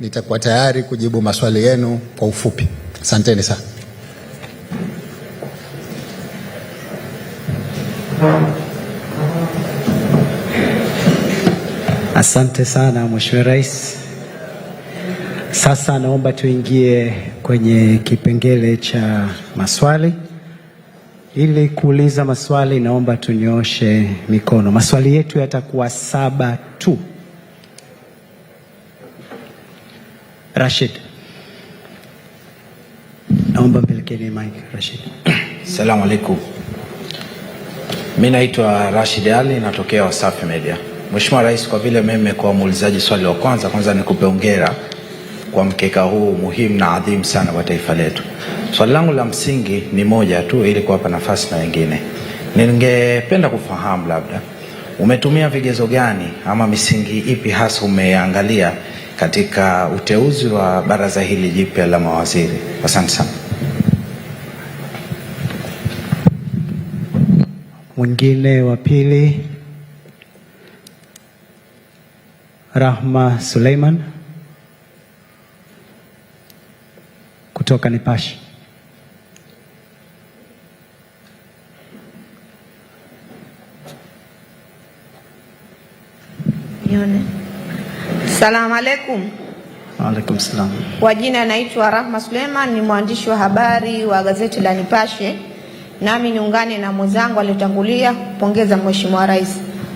nitakuwa tayari kujibu maswali yenu kwa ufupi. Asanteni sana. Asante sana Mheshimiwa Rais. Sasa naomba tuingie kwenye kipengele cha maswali. Ili kuuliza maswali, naomba tunyooshe mikono. Maswali yetu yatakuwa saba tu. Rashid, naomba mpelekeni mic Rashid. Asalamu alaikum. Mimi naitwa Rashid Ali natokea Wasafi Media. Mheshimiwa Rais, kwa vile mimi kwa muulizaji swali wa kwanza, kwanza nikupe hongera kwa mkeka huu muhimu na adhimu sana kwa taifa letu. Swali langu la msingi ni moja tu ili kuwapa nafasi na wengine. Ningependa kufahamu labda umetumia vigezo gani ama misingi ipi hasa umeangalia katika uteuzi wa baraza hili jipya la mawaziri. Asante sana. Mwingine wa pili Rahma Suleiman kutoka Nipashe. Yone. Salamu alaikum. Waalaikum salam. Kwa jina naitwa Rahma Suleiman, ni mwandishi wa habari wa gazeti la Nipashe. Nami niungane na mwenzangu aliyotangulia kupongeza Mheshimiwa Rais.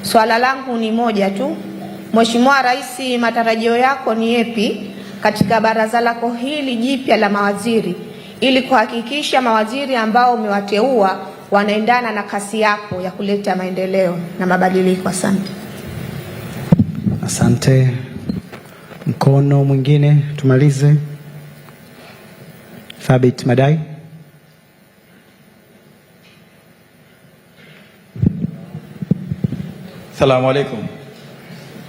Swala langu ni moja tu. Mheshimiwa Rais, matarajio yako ni yepi katika baraza lako hili jipya la mawaziri ili kuhakikisha mawaziri ambao umewateua wanaendana na kasi yako ya kuleta maendeleo na mabadiliko? Asante. Asante. Mkono mwingine tumalize. Thabit Madai. Salamu alaikum.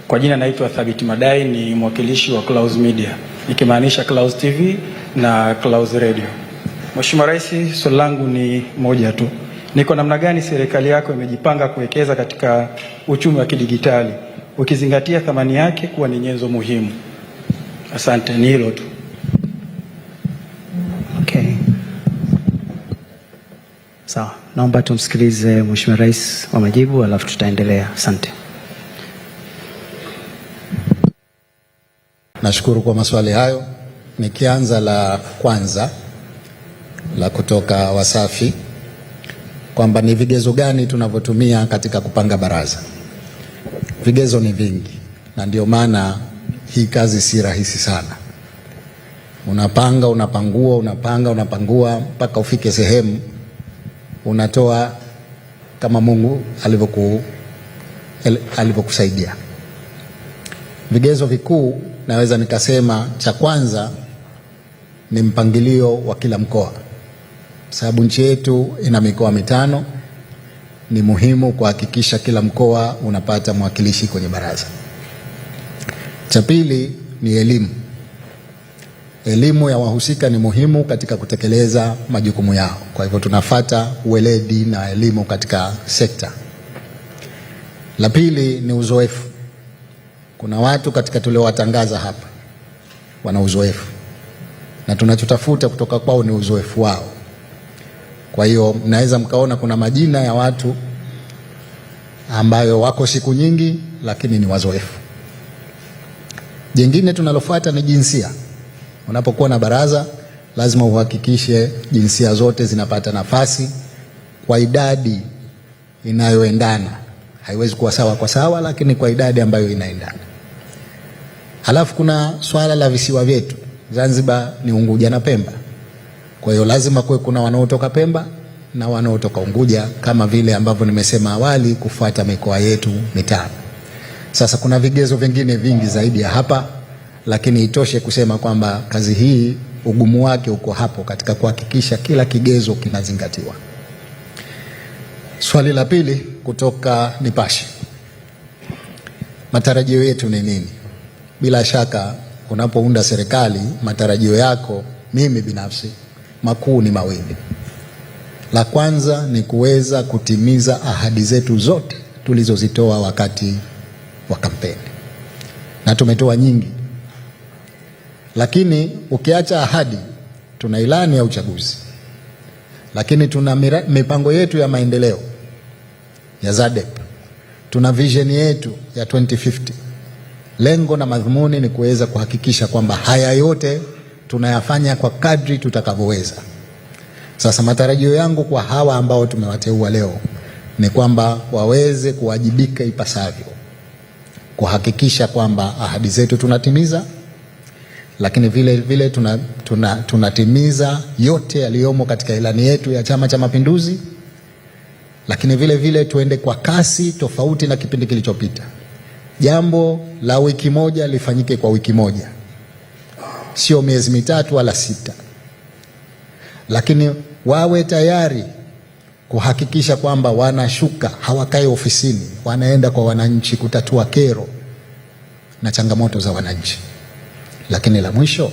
Kwa jina naitwa Thabit Madai, ni mwakilishi wa Clouds Media ikimaanisha Clouds TV na Clouds Radio. Mheshimiwa Rais, swali langu ni moja tu, ni kwa namna gani serikali yako imejipanga kuwekeza katika uchumi wa kidigitali ukizingatia thamani yake kuwa ni nyenzo muhimu Asante, ni hilo tu. Okay, sawa, naomba tumsikilize Mheshimiwa Rais wa majibu, alafu tutaendelea. Asante. Nashukuru kwa maswali hayo, nikianza la kwanza la kutoka Wasafi kwamba ni vigezo gani tunavyotumia katika kupanga baraza. Vigezo ni vingi na ndio maana hii kazi si rahisi sana. Unapanga, unapangua, unapanga, unapangua mpaka ufike sehemu unatoa kama Mungu alivyoku alivyokusaidia. Vigezo vikuu naweza nikasema, cha kwanza ni mpangilio wa kila mkoa, sababu nchi yetu ina mikoa mitano. Ni muhimu kuhakikisha kila mkoa unapata mwakilishi kwenye baraza. Cha pili ni elimu. Elimu ya wahusika ni muhimu katika kutekeleza majukumu yao. Kwa hivyo tunafata uweledi na elimu katika sekta. La pili ni uzoefu. Kuna watu katika tuliowatangaza hapa wana uzoefu, na tunachotafuta kutoka kwao ni uzoefu wao. Kwa hiyo mnaweza mkaona kuna majina ya watu ambayo wako siku nyingi, lakini ni wazoefu jingine tunalofuata ni jinsia. Unapokuwa na baraza, lazima uhakikishe jinsia zote zinapata nafasi kwa idadi inayoendana. Haiwezi kuwa sawa kwa sawa, lakini kwa idadi ambayo inaendana. Halafu kuna swala la visiwa vyetu. Zanzibar ni Unguja na Pemba, kwa hiyo lazima kuwe kuna wanaotoka Pemba na wanaotoka Unguja, kama vile ambavyo nimesema awali, kufuata mikoa yetu mitano. Sasa kuna vigezo vingine vingi zaidi ya hapa, lakini itoshe kusema kwamba kazi hii ugumu wake uko hapo katika kuhakikisha kila kigezo kinazingatiwa. Swali la pili kutoka Nipashe, matarajio yetu ni nini? Bila shaka unapounda serikali, matarajio yako, mimi binafsi, makuu ni mawili. La kwanza ni kuweza kutimiza ahadi zetu zote tulizozitoa wakati wa kampeni na tumetoa nyingi, lakini ukiacha ahadi, tuna ilani ya uchaguzi, lakini tuna mipango yetu ya maendeleo ya ZADEP, tuna vision yetu ya 2050. Lengo na madhumuni ni kuweza kuhakikisha kwamba haya yote tunayafanya kwa kadri tutakavyoweza. Sasa matarajio yangu kwa hawa ambao tumewateua leo ni kwamba waweze kuwajibika ipasavyo kuhakikisha kwamba ahadi zetu tunatimiza, lakini vile vile tuna, tuna, tunatimiza yote yaliyomo katika ilani yetu ya Chama cha Mapinduzi, lakini vile vile tuende kwa kasi tofauti na kipindi kilichopita. Jambo la wiki moja lifanyike kwa wiki moja, sio miezi mitatu wala sita, lakini wawe tayari kuhakikisha kwamba wanashuka, hawakae ofisini, wanaenda kwa wananchi kutatua kero na changamoto za wananchi. Lakini la mwisho,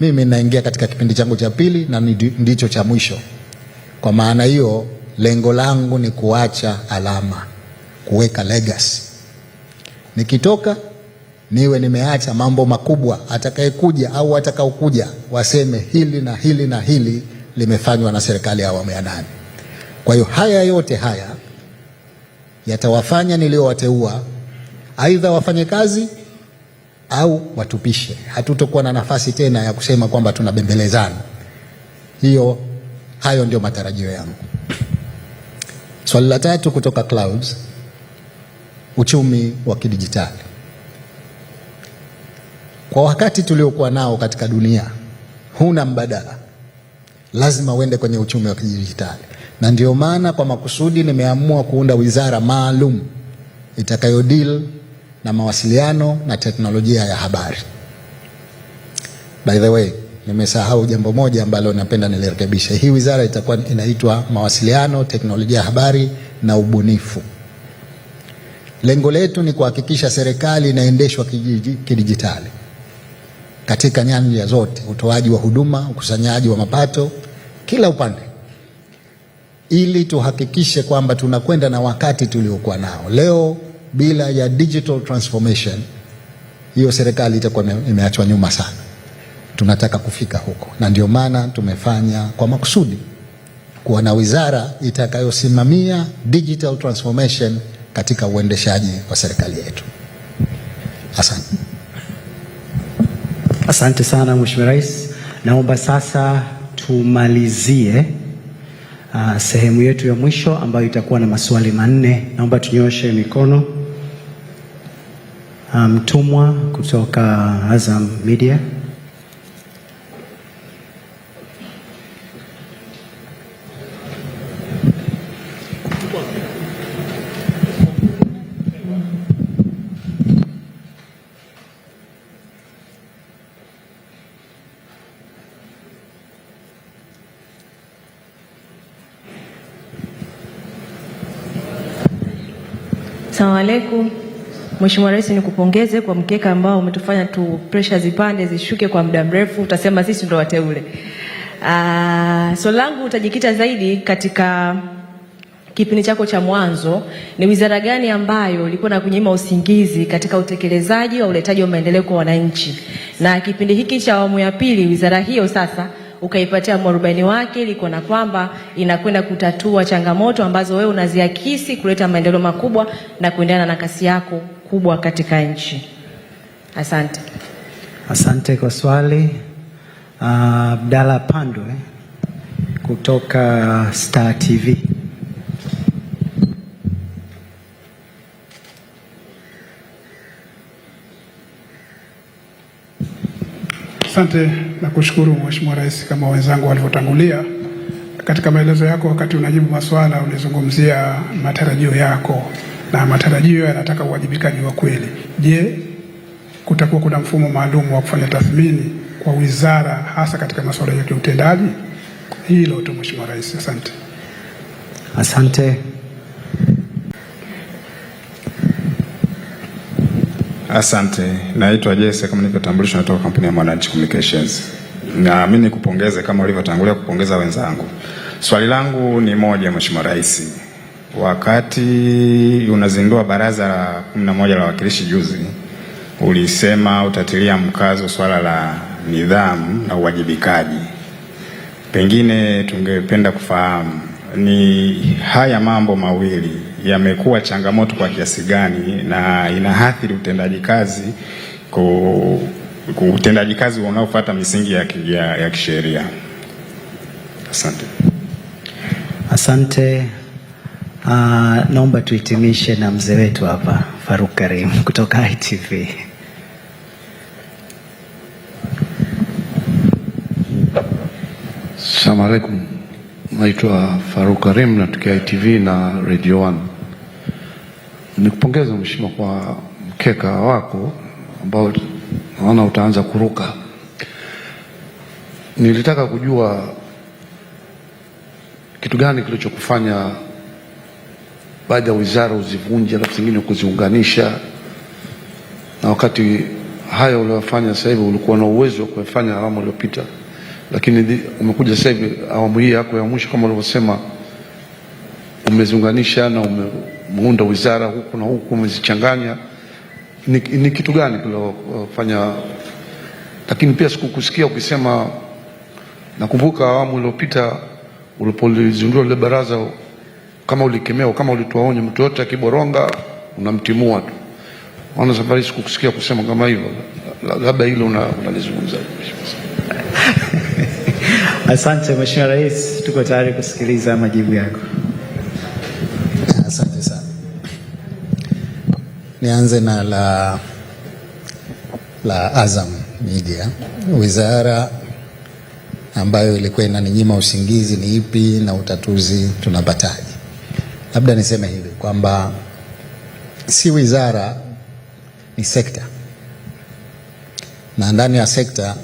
mimi naingia katika kipindi changu cha pili na ndicho cha mwisho. Kwa maana hiyo, lengo langu ni kuacha alama, kuweka legacy. Nikitoka niwe nimeacha mambo makubwa, atakayekuja au atakaokuja waseme hili na hili na hili limefanywa na serikali ya awamu ya nane. Kwa hiyo haya yote haya yatawafanya niliowateua aidha wafanye kazi au watupishe. Hatutokuwa na nafasi tena ya kusema kwamba tunabembelezana. Hiyo, hayo ndio matarajio yangu. Swali la tatu kutoka Clouds, uchumi wa kidijitali. Kwa wakati tuliokuwa nao katika dunia, huna mbadala, lazima uende kwenye uchumi wa kidijitali na ndio maana kwa makusudi nimeamua kuunda wizara maalum itakayodeal na mawasiliano na teknolojia ya habari. By the way, nimesahau jambo moja ambalo napenda nilirekebishe. Hii wizara itakuwa inaitwa mawasiliano, teknolojia ya habari na ubunifu. Lengo letu ni kuhakikisha serikali inaendeshwa kidijitali katika nyanja zote, utoaji wa huduma, ukusanyaji wa mapato, kila upande ili tuhakikishe kwamba tunakwenda na wakati tuliokuwa nao leo. Bila ya digital transformation hiyo, serikali itakuwa imeachwa nyuma sana. Tunataka kufika huko, na ndio maana tumefanya kwa makusudi kuwa na wizara itakayosimamia digital transformation katika uendeshaji wa serikali yetu. Asante, asante sana Mheshimiwa Rais. Naomba sasa tumalizie uh, sehemu yetu ya mwisho ambayo itakuwa na maswali manne. Naomba tunyoshe mikono. Ah, mtumwa um, kutoka Azam Media. Asalamu alaikum. Mheshimiwa Rais, nikupongeze kwa mkeka ambao umetufanya tu pressure zipande zishuke kwa muda mrefu, utasema sisi ndo wateule. Ah, swali langu utajikita zaidi katika kipindi chako cha mwanzo, ni wizara gani ambayo ilikuwa na kunyima usingizi katika utekelezaji wa uletaji wa maendeleo kwa wananchi, na kipindi hiki cha awamu ya pili wizara hiyo sasa ukaipatia mwarubaini wake liko na kwamba inakwenda kutatua changamoto ambazo wewe unaziakisi kuleta maendeleo makubwa na kuendana na kasi yako kubwa katika nchi. Asante. Asante kwa swali. Ah, Abdalla uh, Pandwe kutoka Star TV. Asante na kushukuru Mheshimiwa Rais, kama wenzangu walivyotangulia katika maelezo yako, wakati unajibu maswala ulizungumzia matarajio yako, na matarajio yanataka uwajibikaji wa kweli. Je, kutakuwa kuna mfumo maalum wa kufanya tathmini kwa wizara hasa katika masuala ya kiutendaji? Hilo tu Mheshimiwa Rais, asante. Asante. Asante, naitwa Jesse kama nilivyotambulishwa, natoka kampuni ya Mwananchi Communications. Na mimi nikupongeze kama ulivyotangulia kupongeza wenzangu. Swali langu ni moja, Mheshimiwa Rais, wakati unazindua baraza la kumi na moja la wawakilishi juzi, ulisema utatilia mkazo swala la nidhamu na uwajibikaji. Pengine tungependa kufahamu ni haya mambo mawili yamekuwa changamoto kwa kiasi gani na inaathiri utendaji kazi ku, utendaji kazi unaofuata misingi ya, ya, ya kisheria. Asante, asante. Uh, naomba tuhitimishe na mzee wetu hapa Faruk Karim kutoka ITV. Assalamu alaikum. Naitwa Faruk Karim natokea ITV na Radio One. kupongeza mheshimiwa kwa mkeka wako ambao naona utaanza kuruka. Nilitaka kujua kitu gani kilichokufanya baadhi ya wizara uzivunje, alafu zingine kuziunganisha, na wakati hayo uliyofanya sasa hivi ulikuwa na uwezo wa kuyafanya alama uliopita lakini umekuja sasa hivi awamu hii yako ya mwisho, kama ulivyosema, umeziunganisha na umeunda wizara huku na huku, umezichanganya. Ni, ni kitu gani kilofanya? Lakini pia sikukusikia ukisema. Nakumbuka awamu iliyopita ulipolizindua lile baraza, kama ulikemea, kama ulitoa onyo, mtu yote akiboronga unamtimua tu. Ana safari sikukusikia kusema kama hivyo, labda hilo unalizungumza. una Asante Mheshimiwa Rais, tuko tayari kusikiliza majibu yako. Asante sana. Nianze na la, la Azam Media. Wizara ambayo ilikuwa inaninyima usingizi ni ipi na utatuzi tunapataje? Labda niseme hivi kwamba si wizara, ni sekta, na ndani ya sekta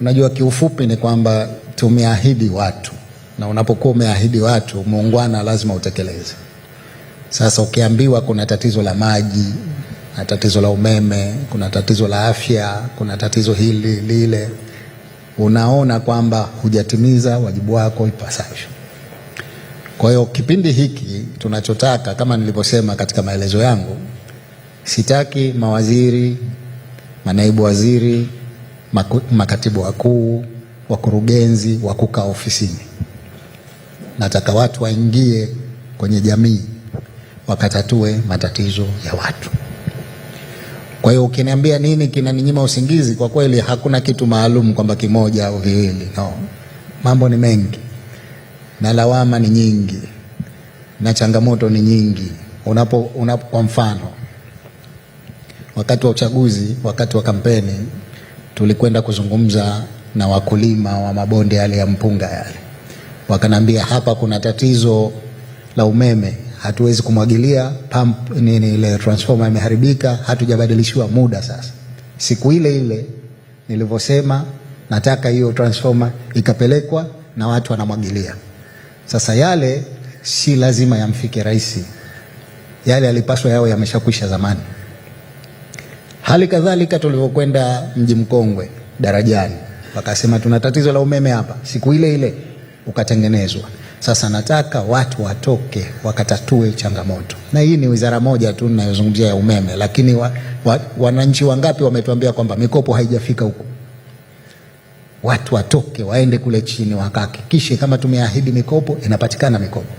Unajua, kiufupi ni kwamba tumeahidi watu, na unapokuwa umeahidi watu, muungwana lazima utekeleze. Sasa ukiambiwa kuna tatizo la maji, kuna tatizo la umeme, kuna tatizo la afya, kuna tatizo hili lile, unaona kwamba hujatimiza wajibu wako ipasavyo. Kwa hiyo kipindi hiki tunachotaka, kama nilivyosema katika maelezo yangu, sitaki mawaziri, manaibu waziri maku, makatibu wakuu, wakurugenzi wa kukaa ofisini. Nataka watu waingie kwenye jamii wakatatue matatizo ya watu. Kwa hiyo ukiniambia nini kinaninyima usingizi, kwa kweli hakuna kitu maalum kwamba kimoja au viwili, no. Mambo ni mengi na lawama ni nyingi na changamoto ni nyingi. Unapo, unapo kwa mfano wakati wa uchaguzi, wakati wa kampeni tulikwenda kuzungumza na wakulima wa mabonde yale ya mpunga yale, wakanambia hapa kuna tatizo la umeme, hatuwezi kumwagilia pump, nini ile transformer imeharibika, hatujabadilishiwa muda. Sasa siku ile ile nilivyosema, nataka hiyo transformer ikapelekwa na watu wanamwagilia. Sasa yale si lazima yamfike rais, yale yalipaswa yao yameshakwisha zamani. Hali kadhalika tulivyokwenda mji mkongwe darajani, wakasema tuna tatizo la umeme hapa, siku ile ile ukatengenezwa. Sasa nataka watu watoke wakatatue changamoto, na hii ni wizara moja tu ninayozungumzia ya umeme, lakini wa, wa, wananchi wangapi wametuambia kwamba mikopo haijafika huko? Watu watoke waende kule chini wakahakikishe kama tumeahidi mikopo inapatikana mikopo.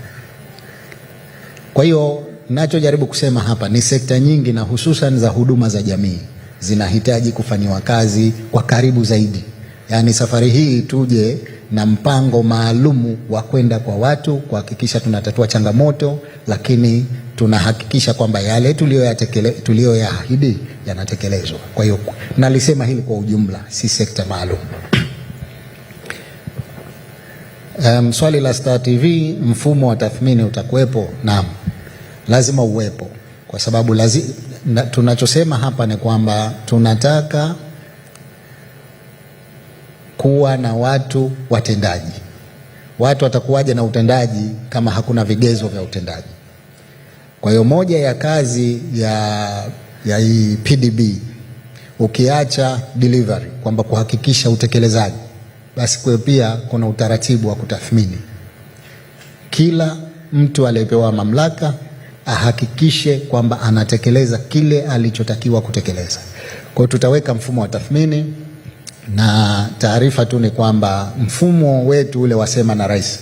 Kwa hiyo nachojaribu kusema hapa ni sekta nyingi na hususan za huduma za jamii zinahitaji kufanyiwa kazi kwa karibu zaidi. Yaani safari hii tuje na mpango maalum wa kwenda kwa watu kuhakikisha tunatatua changamoto, lakini tunahakikisha kwamba yale tuliyoyaahidi yanatekelezwa. Kwa hiyo nalisema hili kwa ujumla, si sekta maalum. Um, swali la Star TV, mfumo wa tathmini utakuwepo? Naam lazima uwepo, kwa sababu lazi, na, tunachosema hapa ni kwamba tunataka kuwa na watu watendaji. Watu watakuwaje na utendaji kama hakuna vigezo vya utendaji? Kwa hiyo moja ya kazi ya, ya PDB ukiacha delivery kwamba kuhakikisha utekelezaji, basi kwa pia kuna utaratibu wa kutathmini kila mtu aliyepewa mamlaka ahakikishe kwamba anatekeleza kile alichotakiwa kutekeleza. Kwa hiyo tutaweka mfumo wa tathmini, na taarifa tu ni kwamba mfumo wetu ule wa sema na rais,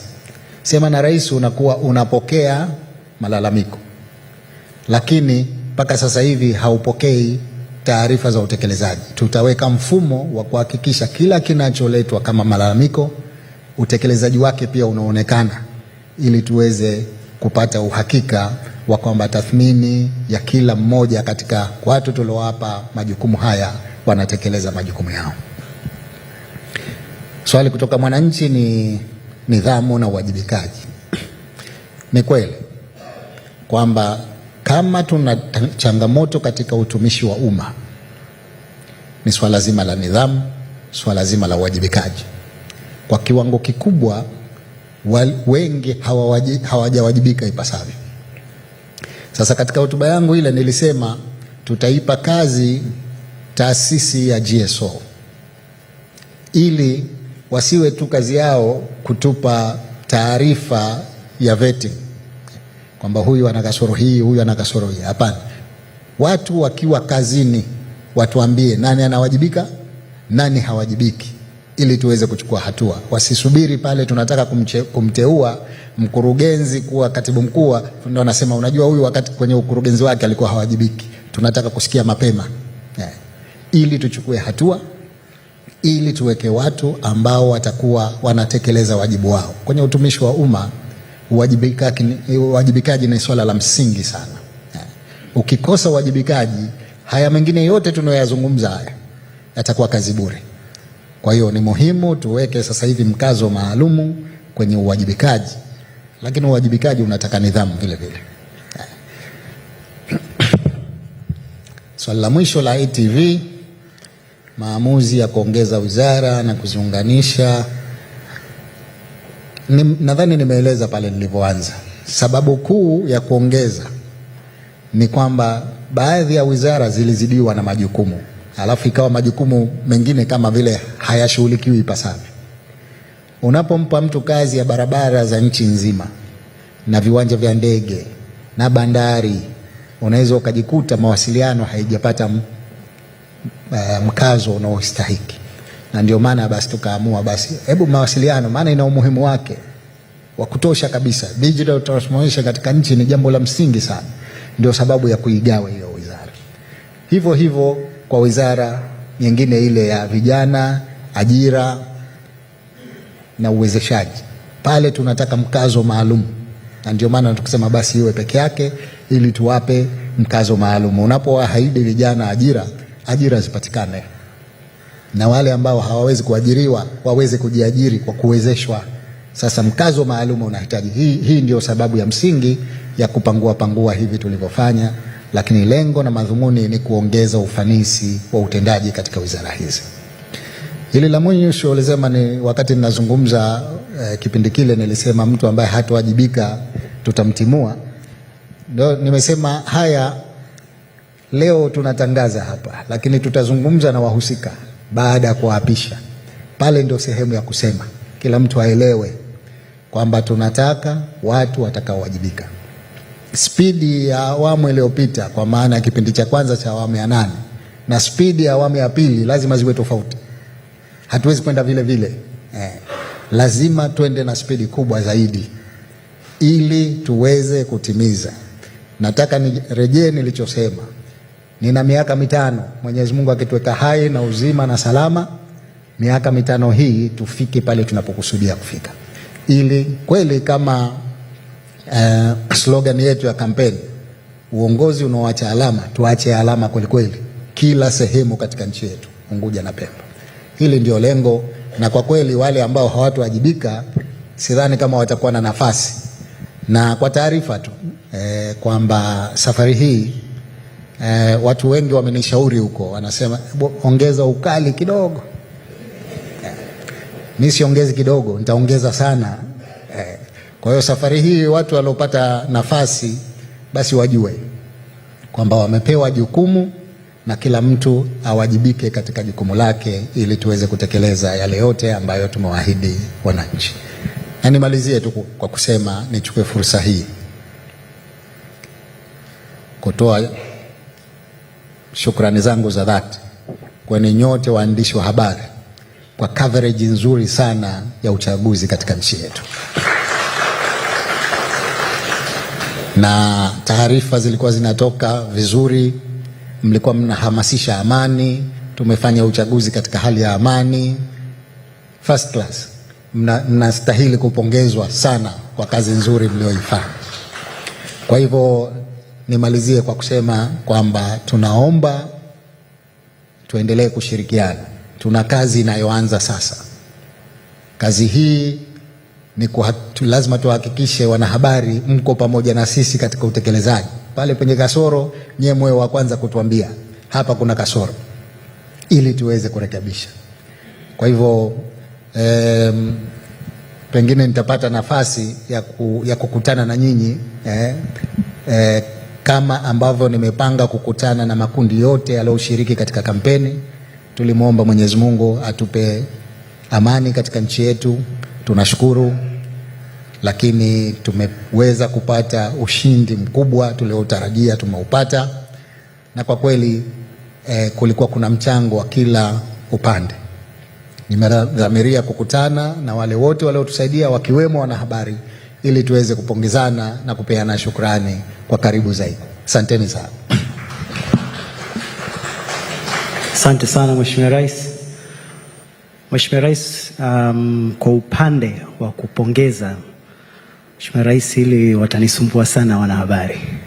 sema na rais unakuwa unapokea malalamiko, lakini mpaka sasa hivi haupokei taarifa za utekelezaji. Tutaweka mfumo wa kuhakikisha kila kinacholetwa kama malalamiko utekelezaji wake pia unaonekana ili tuweze kupata uhakika wa kwamba tathmini ya kila mmoja katika watu tuliowapa majukumu haya wanatekeleza majukumu yao. Swali kutoka mwananchi ni nidhamu na uwajibikaji. Ni kweli kwamba kama tuna changamoto katika utumishi wa umma, ni swala zima la nidhamu, swala zima la uwajibikaji. Kwa kiwango kikubwa wengi hawajawajibika ipasavyo. Sasa katika hotuba yangu ile nilisema tutaipa kazi taasisi ya GSO ili wasiwe tu kazi yao kutupa taarifa ya vetting kwamba huyu ana kasoro hii, huyu ana kasoro hii. Hapana, watu wakiwa kazini watuambie nani anawajibika, nani hawajibiki ili tuweze kuchukua hatua. Wasisubiri pale tunataka kumche, kumteua mkurugenzi kuwa katibu mkuu, ndio anasema unajua huyu wakati kwenye ukurugenzi wake alikuwa hawajibiki. Tunataka kusikia mapema yeah, ili tuchukue hatua ili tuweke watu ambao watakuwa wanatekeleza wajibu wao kwenye utumishi wa umma. Uwajibikaji ni swala la msingi sana yeah. Ukikosa uwajibikaji, haya mengine yote tunayoyazungumza haya yatakuwa kazi bure. Kwa hiyo ni muhimu tuweke sasa hivi mkazo maalumu kwenye uwajibikaji, lakini uwajibikaji unataka nidhamu vile vile. Swali so, la mwisho la ITV, maamuzi ya kuongeza wizara na kuziunganisha ni, nadhani nimeeleza pale nilipoanza. Sababu kuu ya kuongeza ni kwamba baadhi ya wizara zilizidiwa na majukumu, alafu ikawa majukumu mengine kama vile hayashughulikiwi ipasavyo. Unapompa mtu kazi ya barabara za nchi nzima na viwanja vya ndege na bandari, unaweza ukajikuta mawasiliano haijapata eh, mkazo unaostahiki, na ndio maana basi tukaamua basi, hebu mawasiliano, maana ina umuhimu wake wa kutosha kabisa. Digital transformation katika nchi ni jambo la msingi sana, ndio sababu ya kuigawa hiyo wizara. Hivyo hivyo kwa wizara nyingine ile ya vijana ajira na uwezeshaji. Pale tunataka mkazo maalum, na ndio maana tukisema basi iwe peke yake, ili tuwape mkazo maalum. Unapowaahidi vijana ajira, ajira zipatikane, na wale ambao hawawezi kuajiriwa waweze kujiajiri kwa kuwezeshwa. Sasa mkazo maalum unahitaji hii, hii ndio sababu ya msingi ya kupangua pangua hivi tulivyofanya, lakini lengo na madhumuni ni kuongeza ufanisi wa utendaji katika wizara hizi. Hili la mwisho ulisema ni wakati ninazungumza eh, kipindi kile nilisema mtu ambaye hatowajibika tutamtimua. Ndio nimesema haya leo tunatangaza hapa, lakini tutazungumza na wahusika baada ya kuwaapisha. Pale ndio sehemu ya kusema, kila mtu aelewe kwamba tunataka watu watakaowajibika. Spidi ya awamu iliyopita, kwa maana ya kipindi cha kwanza cha awamu ya nane na spidi ya awamu ya pili lazima ziwe tofauti hatuwezi kwenda vile vile eh. Lazima twende na spidi kubwa zaidi ili tuweze kutimiza. Nataka nirejee nilichosema, nina miaka mitano, Mwenyezi Mungu akituweka hai na uzima na salama, miaka mitano hii tufike pale tunapokusudia kufika, ili kweli kama eh, slogan yetu ya kampeni, uongozi unaoacha alama, tuache alama kwelikweli, kila sehemu katika nchi yetu, Unguja na Pemba. Hili ndio lengo, na kwa kweli wale ambao hawatowajibika sidhani kama watakuwa na nafasi. Na kwa taarifa tu e, kwamba safari hii e, watu wengi wamenishauri huko, wanasema ongeza ukali kidogo. Eh, mi siongezi kidogo, nitaongeza sana e. Kwa hiyo safari hii watu waliopata nafasi basi wajue kwamba wamepewa jukumu na kila mtu awajibike katika jukumu lake ili tuweze kutekeleza yale yote ambayo tumewaahidi wananchi. Na nimalizie tu kwa kusema, nichukue fursa hii kutoa shukrani zangu za dhati kwani nyote waandishi wa habari kwa coverage nzuri sana ya uchaguzi katika nchi yetu, na taarifa zilikuwa zinatoka vizuri mlikuwa mnahamasisha amani. Tumefanya uchaguzi katika hali ya amani first class. Mnastahili kupongezwa sana kwa kazi nzuri mlioifanya. Kwa hivyo nimalizie kwa kusema kwamba tunaomba tuendelee kushirikiana. Tuna kazi inayoanza sasa. Kazi hii ni lazima tuhakikishe wanahabari mko pamoja na sisi katika utekelezaji pale penye kasoro, nyie moyo wa kwanza kutuambia hapa kuna kasoro, ili tuweze kurekebisha. Kwa hivyo em, pengine nitapata nafasi ya, ku, ya kukutana na nyinyi eh, eh, kama ambavyo nimepanga kukutana na makundi yote yaliyoshiriki katika kampeni. Tulimwomba Mwenyezi Mungu atupe amani katika nchi yetu. Tunashukuru lakini tumeweza kupata ushindi mkubwa tuliotarajia tumeupata, na kwa kweli eh, kulikuwa kuna mchango wa kila upande. Nimedhamiria kukutana na wale wote waliotusaidia wakiwemo wanahabari ili tuweze kupongezana na kupeana shukrani kwa karibu zaidi. Asanteni sana. Asante sana Mheshimiwa Rais. Mheshimiwa Rais, um, kwa upande wa kupongeza Mheshimiwa Rais, ili watanisumbua sana wanahabari.